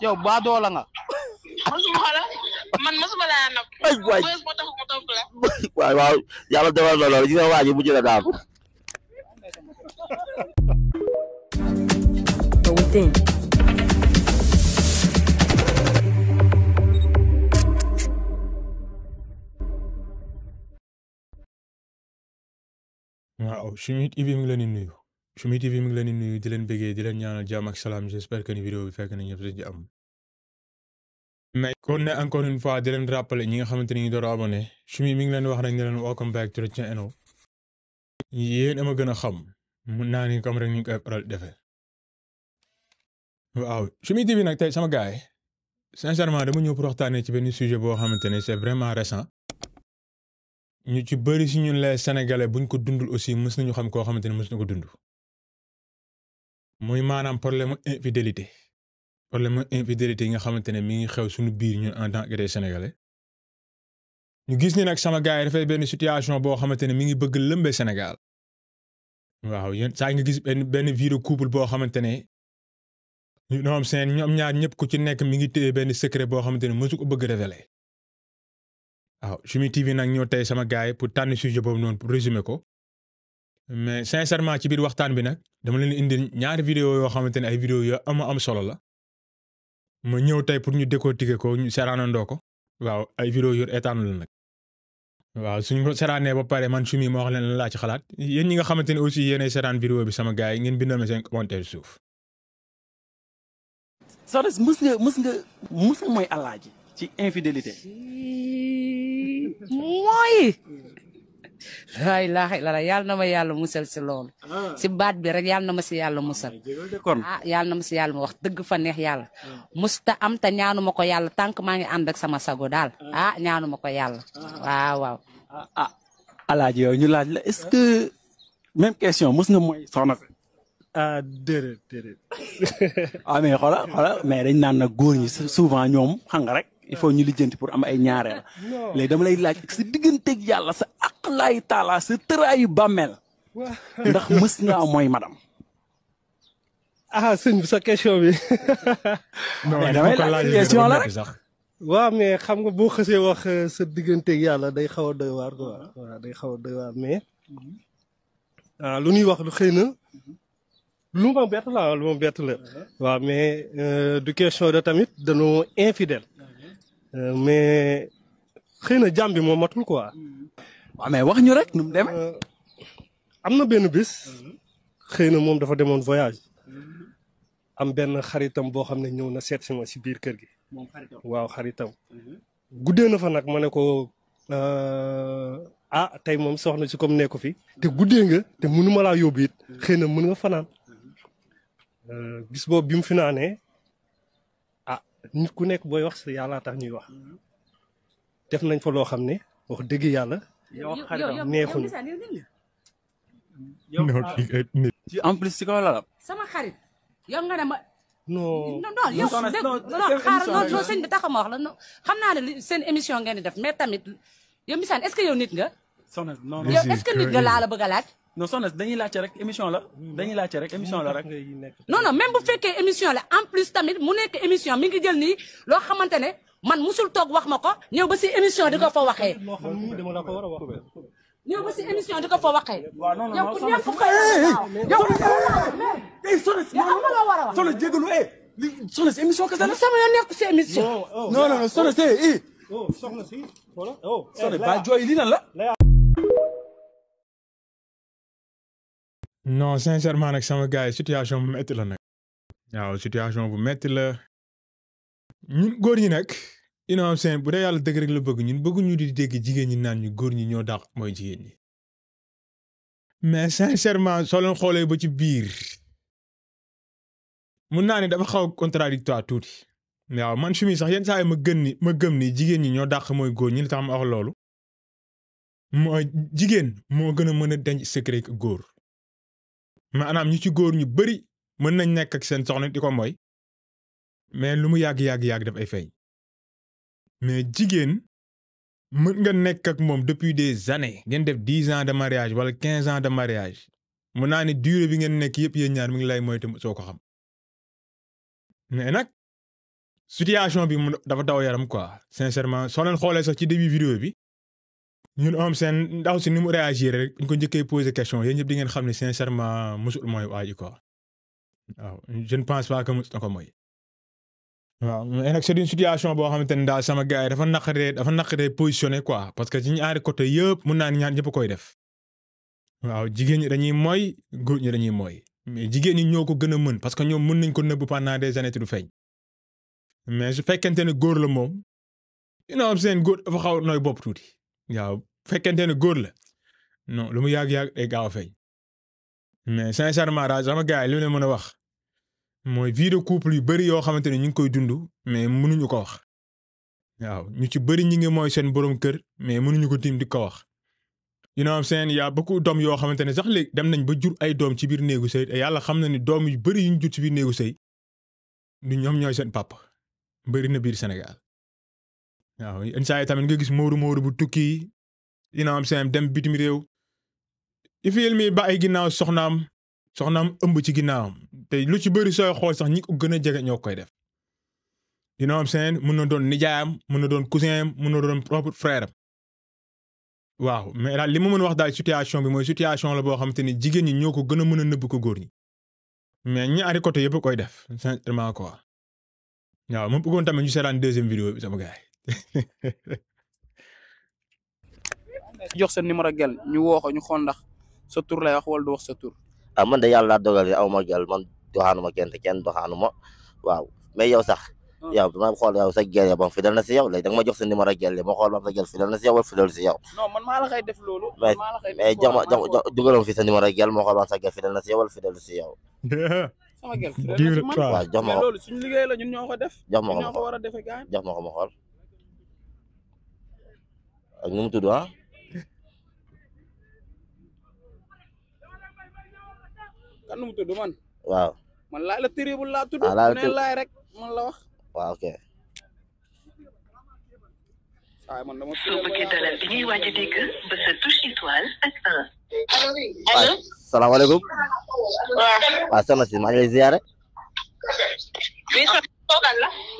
yow baa doola nga. mosuma la man mosuma laa nopp. ay waay moo tax mu topp la. waay waaw yàlla defal bu loolu gis ji mujj na Choumi TV mi ngi leen di nuyu di leen bëggee di leen ñaanal jàmm ak salaam j'espère que ni bi fekk na ñëpp ci am mais kon ne encore une fois di leen rappeler ñi nga xamante ni ñu door a abonné Choumi mi leen wax rek ne leen welcome back to the channel yéen ama gën a xam mun naa ni comme rek ñu koy faral defee waaw Choumi nag tey sama gars yi sincèrement dama ñëw pour waxtaanee ci benn sujet boo xamante ne c'est vraiment récent ñu ci bëri si ñun les sénégalais buñ ko dundul aussi mës nañu xam koo xamante ne mës na ko dund muy maanaam problème mu infidélité problème mu infidélité yi nga xamante ne mi ngi xew suñu biir ñu en tant que des sénégalais ñu gis ni nag sama gars yi dafay benn situation boo xamante ne mi ngi bëgg lëmbe Sénégal waaw yéen saa nga gis benn benn vie de couple boo xamante ne noom seen ñoom ñaar ñëpp ku ci nekk mi ngi téye benn secret boo xamante ne mësu ko bëgg révélé waaw Choumi TV nag ñoo tey sama gars yi pour tànn sujet boobu noonu pour résumer ko. mais sincèrement ci biir waxtaan bi nag dama leen indi ñaari vidéo yoo xamante ne ay vidéo yoo am am solo la moo ñëw tey pour ñu décortiquer ko ñu seeraanandoo ko waaw ay vidéo yu étaanu la nag waaw suñ ko seraanee ba pare man sumi ma wax leen laa ci xalaat yéen ñi nga xamante ne aussi yéenay seeraan vidéo bi sama gars yi ngeen bindoo ma seen commentaire suuf. soxna si mës nga mës nga mus nga mooy alaaji ci infidélité. mooy. waaye laaxi la la yàlla na ma yàlla musal si loolu. Ah. si baat bi rek yàlla na ma si yàlla musal. a ah, ah, yàlla na ma si yàlla ma wax dëgg fa neex yàlla. musta am te ñaanu ma ko yàlla tànk maa ngi ànd ak sama sago daal ah ñaanu ma ko yàlla waaw waaw. ah alaaji yow ñu laaj la est-ce que même question mos nga soxna si. ah déedéet déedéet. ah mais xoolal xoolal mais dañ naan na góor ñi souvent ñoom xam rek. il faut ñu lijjanti pour am ay ñaareel léegi dama lay laaj sa digganteeg yàlla sa aqlaay taala sa tëraayu bàmmeel ndax mës naa mooy madam ah sëñ bi sa question bi. damay la xam nga boo xasee wax euh, sa digganteeg yàlla day xaw a doy waar quoi mm-hmm. day xaw a doy mais mm-hmm. ah, lu ñuy wax lu xëy na mm-hmm. lu ma bett la lu ma bett la uh-huh. waaw mais euh, du question de tamit danoo infidèle Euh, mais xëy na jàmm bi moo matul quoi. waaw mais wax ñu rek nu mu demee. Euh, am na benn bis. xëy na moom dafa demoon voyage. am benn xaritam boo xam ne ñëw na seet si ma si biir kër gi. waaw xaritam. Mhm. guddee na fa nag ma ne ko euh, ah tey moom soxna si comme nekku fi. te guddee nga te mënu ma laa yóbbu it. Mhm. xëy na mën nga fanaan. Mhm. bis boobu bi mu fi naanee nit ku nekk booy wax yàllaa tax ñuy wax mhm. def nañ fa loo xam ne wax dëgg yàlla. neexuñu ah. ci en plus ci kaw la sama xarit yow nga ne ma. non non yow xaaral non sëñ bi taxaw wax la xam naa ne seen émission ngeen di def mais tamit yow Mbisaan est-ce que yow nit nga. soxna non est-ce que nit nga laa la bëgg a laaj. non soxna dañuy laajte rek émission la. dañuy laajte rek émission la rek. non non même bu fekkee émission la en plus tamit mu nekk émission mi ngi jël ni loo xamante ne man musul toog wax ma ko ñëw ba si émission di ko fa waxee. ñëw ba si émission di ko fa waxee. waaw non non soxna si waaw eh, soxna jégalu eh li soxna si émission kese la. sama yoon nekk si émission. Oh, oh. non non soxna si eh. Oh, soxna si. voilà soxna eh, ba jooy lii nan la. non sincèrement nag sama gars yi situation bu metti la nag. waaw situation bu metti la. ñun góor ñi nag. you know bu dee yàlla dëgg rek la bëgg ñun bëgguñu di dégg jigéen ñi naan ñu góor ñi ñoo dàq mooy jigéen ñi. mais sincèrement soo xoolee ba ci biir. mun naa ne dafa xaw contradictoire tuuti. waaw man su mi sax yenn saa ma gën ma gëm ni jigéen ñi ñoo dàq mooy góor ñi li tax ma wax loolu. moo jigéen moo gën a mën a denc secret góor. maanaam ñi ci góor ñu bëri mën nañ nekk ak seen soxna di ko mooy mais lu mu yàgg yàgg yàgg def ay feeñ mais jigéen mën nga nekk ak moom depuis des années ngeen def dix ans de mariage wala quinze ans de mariage mun naa ne durée bi ngeen nekk yëpp yéen ñaar mu ngi lay moytu soo ko xam mais nag situation bi mu dafa daw yaram quoi sincèrement soo leen xoolee sax ci début vidéo bi ñun am seen ndaw si ni mu réagir rek ñu ko njëkkee poser question yéen ñëpp di ngeen xam ne sincèrement musul mooy waa ji quoi waaw je ne pense pas que musul na ko mooy. waaw mais nag c'est situation boo xamante ne daal sama gars yi dafa naqaree dafa naqaree positionné quoi parce que ci ñaari côté yëpp mun naa ni ñaar koy def. waaw jigéen ñi dañuy mooy góor ñi dañuy mooy mais jigéen ñi ñoo ko gën a mën parce que ñoom mën nañ ko nëbb pendant des années du feeñ. mais su fekkente ne góor la moom. ina am seen góor dafa xaw nooy bopp tuuti. waaw fekkente ne góor la no lu mu yàgg yàgg day gaaw a feeñ mais sincèrement daal sama gars yi li mu leen mën a wax mooy vie couple yu bëri yoo xamante ne ñu ngi koy dund mais mënuñu ko wax waaw ñu ci bëri ñi ngi mooy seen borom kër mais mënuñu ko tiim di ko wax. you seen what I'm doom yoo xamante ne sax léegi dem nañ ba jur ay doom ci biir néegu sëy yàlla xam na ni doom yu bëri yu ñu jur ci biir néegu sëy du ñoom ñooy seen papa bari na biir Sénégal. waaw yenn yi tamit nga gis mooru mooru bu tukki you know am seen dem bitim réew i fiil mi ba ay ginnaaw soxnaam soxnaam ëmb ci ginnaawam te lu ci bëri sooy xool sax ñi ko gën a jege ñoo koy def you know seen mën na doon nijaayam mën na doon cousin mën na doon propre frère am waaw mais daal li ma mën wax daal situation bi mooy situation la boo xam te ni jigéen ñi ñoo ko gën a mën a nëbb ko góor ñi mais ñaari côté yëpp koy def sincèrement quoi waaw ma bëggoon tamit ñu seetaan deuxième vidéo sama jox sa numéro gel ñu woo ko ñu ndax sa tur lay wax wala du wax sa tur. ah man de yàlla daa dogal ne aw ma gel man doxaanu ma kenn te kenn doxaanu ma waaw mais yow sax. Ah. yow dama xool yow sa gel ba mu fidèle na si yow léegi da ma jox sa numéro gel ma xool ba am sa gel fidèle na si yow def loolu. mais mais jox ma jox dugalam fi sa numéro gel ma xool ba am sa gel fidèle na si si yow. sama gel jox ma ko mais liggéey la ñun def. jox ma ko ma xool ñoo ko a defee jox ma ko ak nu mu tudd ah kan nu mu tudd man waaw man laay la terrible laa tudd ah, ne laay rek man la wax waaw ok waaw salaamaaleykum waaw soxna si maa ngi lay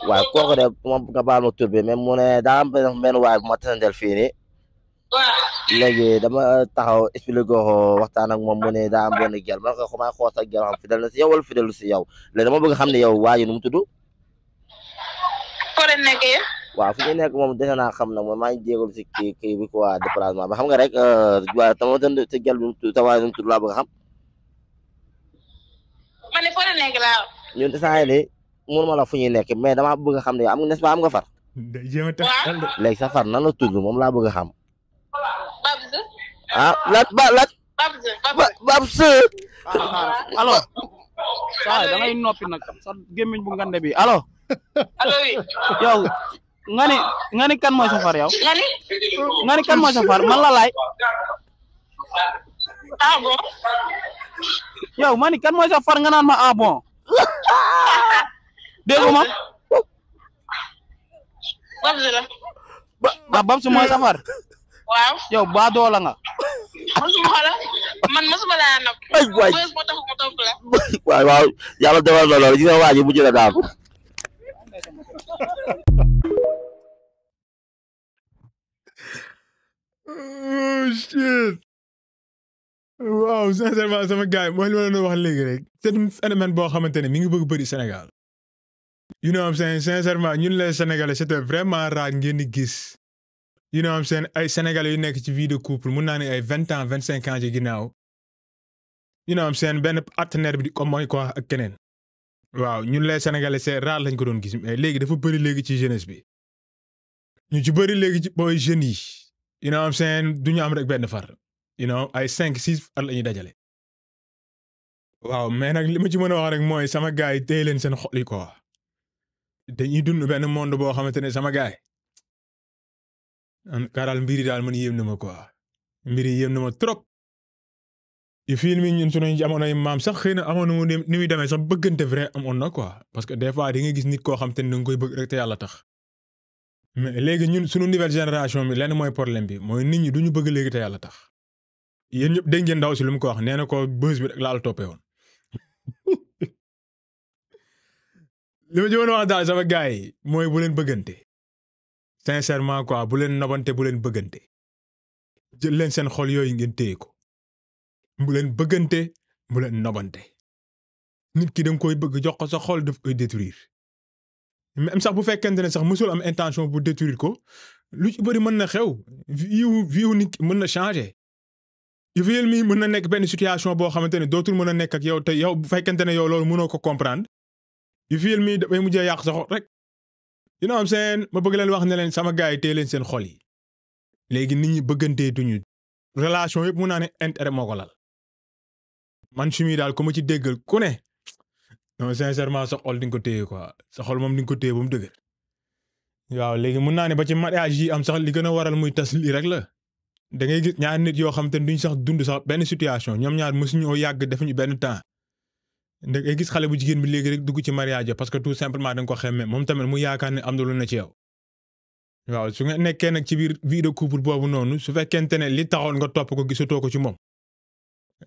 waaw kooku de moom baal ma tur bi mais mu ne daa am benn waay bu ma tasandel fii nii léegi dama euh, taxaw expliqué ko waxtaan ak moom mu ne daa am benn gel man ko xo maa xoos ak na si yow wala fidèle si yow léegi dama bëgg xam ne yow waa ji nu mu nekk fi ñu nekk moom defe naa xam na moom maa ngi jéegalu si kii kii bi quoi déplacement xam nga rek euh, waaye tama tënd si gel nu mu tudd tawaay xam ma ne fore mënuma la fu ñuy nekk mais damaa bëgg a xam ne am n'est-ce pas am nga far. léegi sa far nan la tudd moom laa bëgg a xam. ah laaj ba laaj. Babs allo. noppi nag sa gémmiñ bu ngande bi alo allo oui. yow kan mooy sa far yow. nga kan mooy sa far man la laaj. ah bon. ma kan mooy sa far nga naan ma ah bon. déggu ma. Babs la. ba ba Babs mooy safar. waaw yow ba doola nga. mosuma xala man mosuma laa nag. ay waay moo tax mu toog la. waay waaw yàlla defal na loolu gis nga waa ji mujj na daal. oh shit. waaw sincèrement sama gars yi mooy li ma leen wax léegi rek. c'est un phénomène boo xamante ne mi ngi bëgg bëri Sénégal. you know what I'm saying sincèrement ñun les sénégalais vraiment rare ngeen di gis. you know ay sénégalais yu nekk ci vie de couple mun naa ne ay vingt vingt cinq ci ginnaaw. you know what I'm benn partenaire bi di comme mooy quoi ak keneen. waaw ñun les sénégalais c'est rare lañ ko doon gis mais léegi dafa bëri léegi ci jeunesse bi. ñu ci bëri léegi ci booy jeunes yi. you know what I'm du ñu am rek benn far. you know ay cinq six far la dajale. waaw mais nag li ma ci mën a wax rek mooy sama gars yi téye leen seen xol yi quoi. dañuy dund benn monde boo xamante ne sama gaay yi. karal mbir yi daal man yéem na ma quoi mbir yi yéem na ma trop. yu fi mi ñun suñu jamonoy maam sax xëy na amoon na mu muy demee sax bëggante vrai amoon na quoi parce que des fois di nga gis nit koo xam te ne da nga koy bëgg rek te yàlla tax. mais léegi ñun sunu nouvelle génération bi lenn mooy problème bi mooy nit ñi du ñu bëgg léegi te yàlla tax. yéen ñëpp dégg ngeen ndaw si lu mu ko wax nee na ko bës bi rek laal toppee woon. li ma jëmoon wax daal sama gars yi mooy bu leen bëggante sincèrement quoi bu leen nobante bu leen bëggante jël leen seen xol yooyu ngeen téye ko bu leen bëggante bu leen nobante nit ki da koy bëgg jox ko sa xol daf koy détruire même sax bu fekkente ne sax mësul am intention bu détruire ko lu ci bëri mën na xew viwu viwu nit mën na changer yëfu yël mi mën na nekk benn situation boo xamante ne dootul mën a nekk ak yow te yow bu fekkente ne yow loolu mënoo ko comprendre yu film yi damay mujjee yàq sa xol rek dina am what ma bëgg leen wax ne leen sama gars yi téye leen seen xol yi léegi nit ñi bëgganteetuñu relation yëpp mun naa ne intérêt moo ko lal man chimie daal ku ma ci déggal ku ne non sincèrement sa xol di nga ko téye quoi sa xol moom di nga ko téye ba mu dëgër waaw léegi mun naa ne ba ci mariage yi am sax li gën a waral muy tas lii rek la da ngay gis ñaar nit yoo xam te duñ sax dund sax benn situation ñoom ñaar mësuñoo yàgg defuñu benn temps nga eh, gis xale bu jigéen bi léegi rek dugg ci mariage parce que tout simplement da nga ko xemme moom tamit mu yaakaar ne am na lu na ci waaw su nga nekkee nag ci biir vie de boobu noonu su fekkente ne li taxoon nga topp ko gisatoo ko ci moom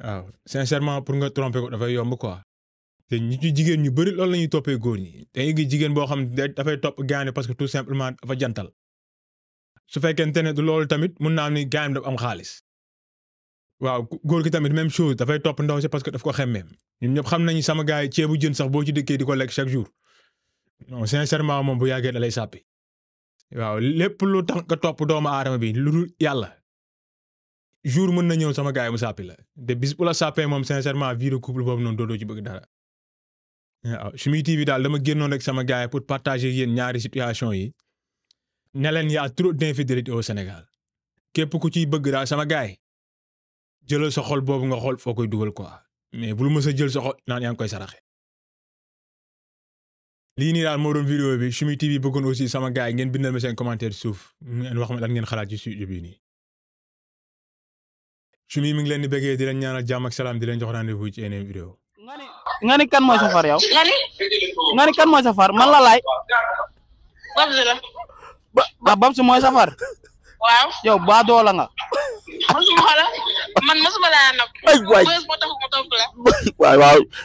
waaw sincèrement pour nga tromper ko dafay yomb quoi. te ñi ci jigéen ñu bëri loolu la ñuy toppee góor ñi da ngay gis jigéen boo xam ne dafay topp gaane parce que tout simplement fa jantal su fekkente ne du loolu tamit mun naa am ni gaane waaw góor gi tamit même chose dafay topp ndaw si parce que daf ko xemme ñun ñëpp xam nañ sama gars yi ceebu jën sax boo ci dëkkee di ko lekk chaque jour non sincèrement moom bu yàggee da lay sàppi waaw lépp lu tax nga topp doomu aadama bi lu dul yàlla jour mën na ñëw sama gars yi mu sàppi la te bis bu la sàppee moom sincèrement vie de couple boobu noonu doodoo ci bëgg dara su Choumi TV daal dama génnoon rek sama gars yi pour partager yéen ñaari situation yi ne yaa y a trop d'infidélité au Sénégal képp ku ciy bëgg daal sama gars yi jëlal sa xol boobu nga xool foo koy dugal quoi mais bul mës a jël sa xol naan yaa ngi koy saraxe. li nii daal moo doon vidéo bi Choumi TV bëggoon aussi sama gars yi ngeen bindal ma seen suuf ngeen wax ma lan ngeen xalaat ci studio bi nii. Choumi mi ngi leen di bëggee di leen ñaanal jàmm ak salaam di leen jox rendez-vous ci yeneen vidéo. nga ni kan mooy safar yow. nga ni. nga ni kan mooy safar man la laay. Babs la. ba Babs mooy safar. waaw yow baadoola nga. mosuma xoolal man mosuma laa nag. ay waay bës moo tax mu